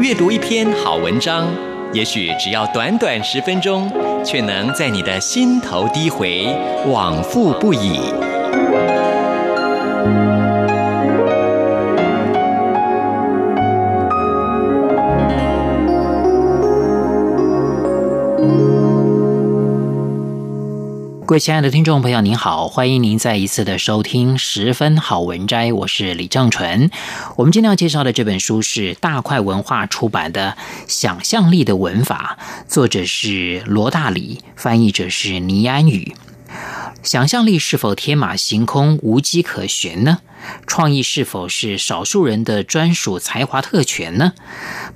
閱讀一篇好文章，也許只要短短十分鐘，卻能在你的心頭低回，往復不已。各位親愛的聽眾朋友，您好，歡迎您再一次的收聽《十分好文摘》，我是李正淳。我們今天要介紹的這本書是大塊文化出版的《想象力的文法》，作者是羅大里，翻譯者是倪安宇。想象力是否天馬行空、無跡可尋呢？創意是否是少數人的專屬才華特權呢？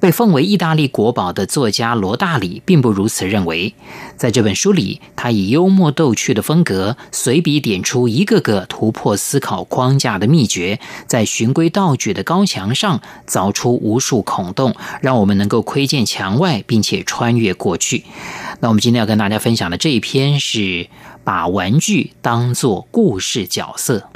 被奉為意大利國寶的作家羅大里並不如此認為。在這本書裡，他以幽默逗趣的風格，隨筆點出一個個突破思考框架的秘訣，在循規蹈矩的高牆上鑿出無數孔洞，讓我們能夠窺見牆外，並且穿越過去。那我們今天要跟大家分享的這一篇是把玩具，當作故事角色，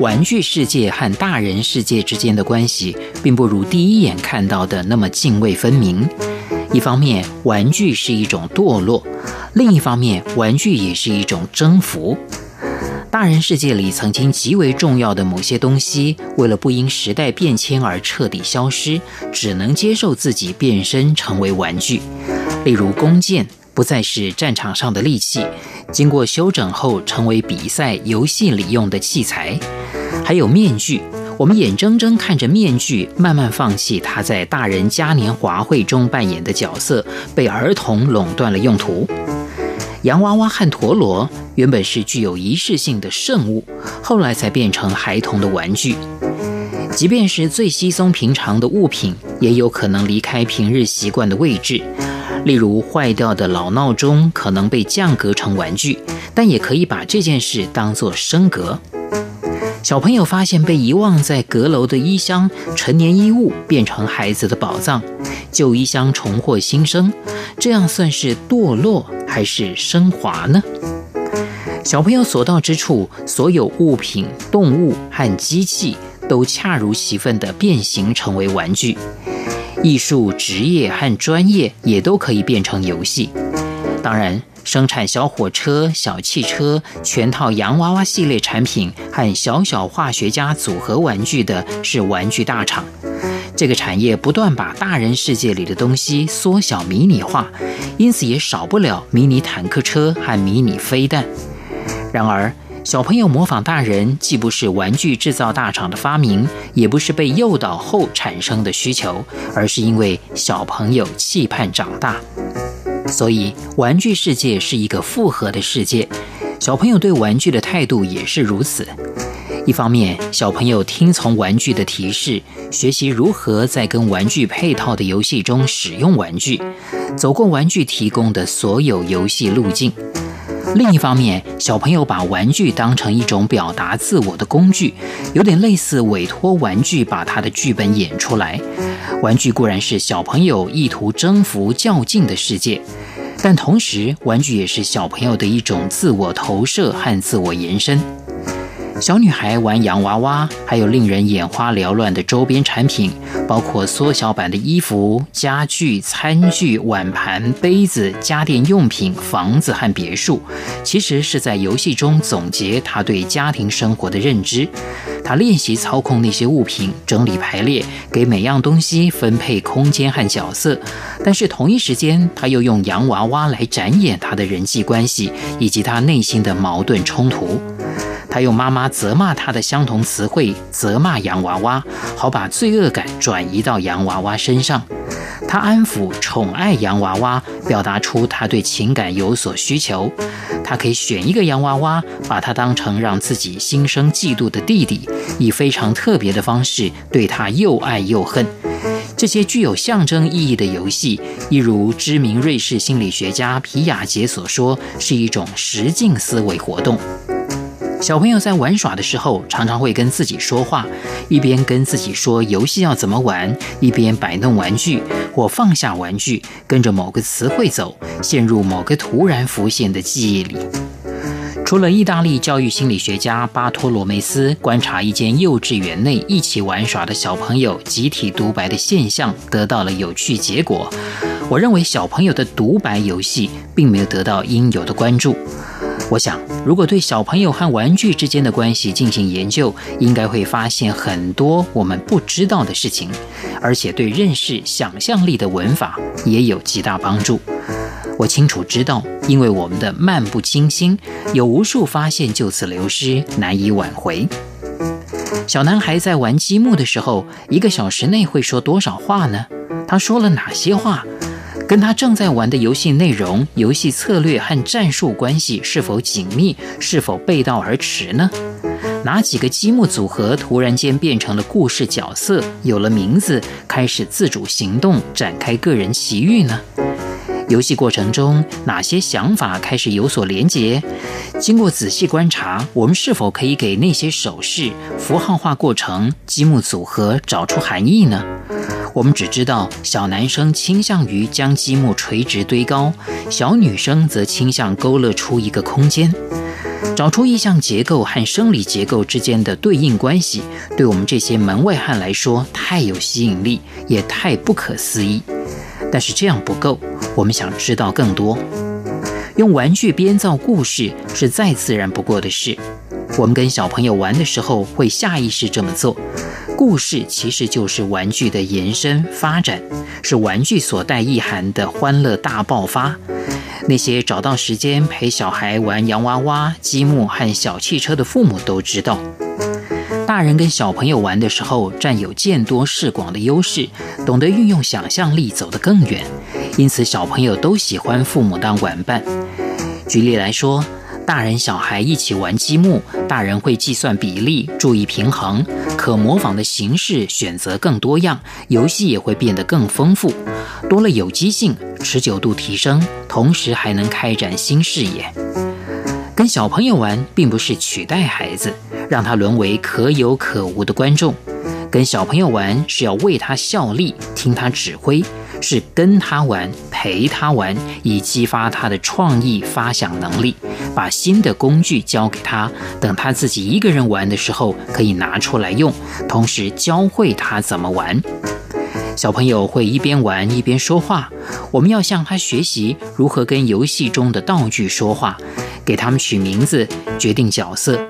玩具世界和大人世界之間的關係，並不如第一眼看到的那麼涇渭分明。一方面，玩具是一種墮落；另一方面，玩具也是一種征服。大人世界裡曾經極為重要的某些東西，為了不因時代變遷而徹底消失，只能接受自己變身成為玩具。例如，弓箭不再是戰場上的利器，經過修整後成為比賽、遊戲裡用的器材；還有面具，我們眼睜睜看着面具慢慢放棄它在大人嘉年華會中扮演的角色，被兒童壟斷了用途。洋娃娃和陀螺原本是具有儀式性的聖物，後來才變成孩童的玩具。即便是最稀鬆平常的物品，也有可能離開平日習慣的位置。例如，壞掉的老鬧鐘可能被降格成玩具，但也可以把這件事當作升格。小朋友發現被遺忘在閣樓的衣箱，陳年衣物變成孩子的寶藏。舊衣箱重獲新生，這樣算是墮落還是升華呢？小朋友所到之處，所有物品、動物和機器都恰如其分地變形成為玩具。藝術、職業和專業也都可以變成遊戲。當然，生產小火車、小汽車、全套洋娃娃系列產品和小小化學家組合玩具的是玩具大廠。這個產業不斷把大人世界裡的東西縮小、迷你化，因此也少不了迷你坦克車和迷你飛彈。然而，小朋友模仿大人，既不是玩具製造大廠的發明，也不是被誘導後產生的需求，而是因為小朋友期盼長大。所以，玩具世界是一個複合的世界，小朋友對玩具的態度也是如此。一方面，小朋友聽從玩具的提示，學習如何在跟玩具配套的遊戲中使用玩具，走過玩具提供的所有遊戲路徑；另一方面，小朋友把玩具當成一種表達自我的工具，有點類似委託玩具把他的劇本演出來。玩具固然是小朋友意圖征服較勁的世界，但同時，玩具也是小朋友的一種自我投射和自我延伸。小女孩玩洋娃娃，還有令人眼花繚亂的周邊產品，包括縮小版的衣服、家具、餐具、碗盤、杯子、家電用品、房子和別墅。其實是在遊戲中總結她對家庭生活的認知。她練習操控那些物品，整理排列，給每樣東西分配空間和角色。但是同一時間，她又用洋娃娃來展演她的人際關係，以及她內心的矛盾衝突。他用媽媽責罵他的相同詞彙，責罵洋娃娃，好把罪惡感轉移到洋娃娃身上。他安撫、寵愛洋娃娃，表達出他對情感有所需求。他可以選一個洋娃娃，把它當成讓自己心生嫉妒的弟弟，以非常特別的方式對他又愛又恨。這些具有象徵意義的遊戲，一如知名瑞士心理學家皮亞傑所說，是一種實境思維活動。小朋友在玩耍的時候，常常會跟自己說話，一邊跟自己說遊戲要怎麼玩，一邊擺弄玩具或放下玩具，跟着某個詞彙走，陷入某個突然浮現的記憶裡。除了意大利教育心理學家巴托羅梅斯觀察一間幼稚園內一起玩耍的小朋友集體獨白的現象，得到了有趣結果。我認為小朋友的獨白遊戲並沒有得到應有的關注。我想，如果對小朋友和玩具之間的關係進行研究，應該會發現很多我們不知道的事情，而且對認識想象力的文法也有極大幫助。我清楚知道，因為我們的漫不經心，有無數發現就此流失，難以挽回。小男孩在玩積木的時候，一個小時內會說多少話呢？他說了哪些話？跟他正在玩的遊戲內容、遊戲策略和戰術關係是否緊密？是否背道而馳呢？哪幾個積木組合突然間變成了故事角色，有了名字，開始自主行動，展開個人奇遇呢？遊戲過程中哪些想法開始有所連結？經過仔細觀察，我們是否可以給那些手勢、符號化過程、積木組合找出含義呢？我們只知道，小男生傾向於將積木垂直堆高，小女生則傾向勾勒出一個空間。找出意象結構和生理結構之間的對應關係，對我們這些門外漢來說太有吸引力，也太不可思議。但是這樣不夠，我們想知道更多。用玩具編造故事是再自然不過的事，我們跟小朋友玩的時候會下意識這麼做。故事其實就是玩具的延伸發展，是玩具所帶意涵的歡樂大爆發。那些找到時間陪小孩玩洋娃娃、積木和小汽車的父母都知道，大人跟小朋友玩的時候，佔有見多識廣的優勢，懂得運用想象力走得更遠，因此小朋友都喜歡父母當玩伴。舉例來說。大人小孩一起玩積木，大人會計算比例，注意平衡。可模仿的形式選擇更多樣，遊戲也會變得更豐富，多了有機性，持久度提升，同時還能開展新視野。跟小朋友玩，並不是取代孩子，讓他淪為可有可無的觀眾。跟小朋友玩是要為他效力，聽他指揮，是跟他玩。陪他玩，以激發他的創意發想能力。把新的工具交給他，等他自己一個人玩的時候，可以拿出來用，同時教會他怎麼玩。小朋友會一邊玩一邊說話，我們要向他學習如何跟遊戲中的道具說話，給他們取名字，決定角色。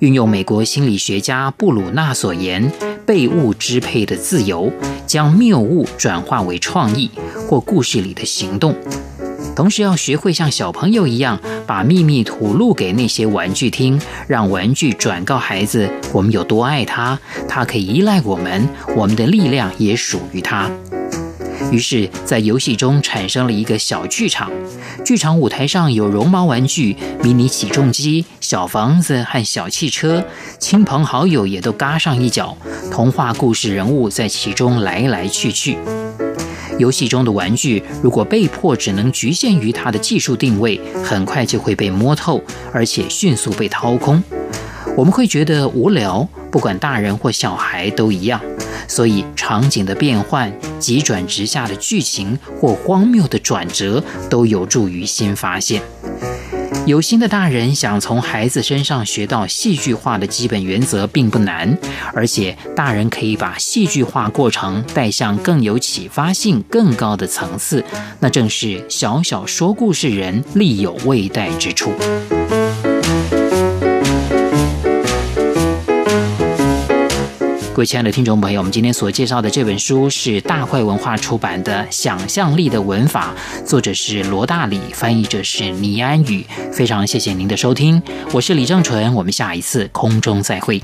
運用美國心理學家布魯納所言“被物支配的自由”，將謬誤轉化為創意，或故事裡的行動，同時要學會像小朋友一樣，把秘密吐露給那些玩具聽，讓玩具轉告孩子我們有多愛他，他可以依賴我們，我們的力量也屬於他。於是，在遊戲中產生了一個小劇場，劇場舞台上有絨毛玩具、迷你起重機、小房子和小汽車，親朋好友也都嘎上一腳，童話故事人物在其中來來去去。遊戲中的玩具，如果被迫只能侷限於它的技術定位，很快就會被摸透，而且迅速被掏空。我們會覺得無聊，不管大人或小孩都一樣。所以，場景的變換、急轉直下的劇情或荒謬的轉折，都有助於新發現。有心的大人想從孩子身上學到戲劇化的基本原則，並不難，而且大人可以把戲劇化過程帶向更有啟發性、更高的層次，那正是小小說故事人力有未逮之處。各位親愛的聽眾朋友，我們今天所介紹的這本書是大塊文化出版的《想象力的文法》，作者是羅大里，翻譯者是倪安宇。非常謝謝您的收聽，我是李正淳，我們下一次空中再會。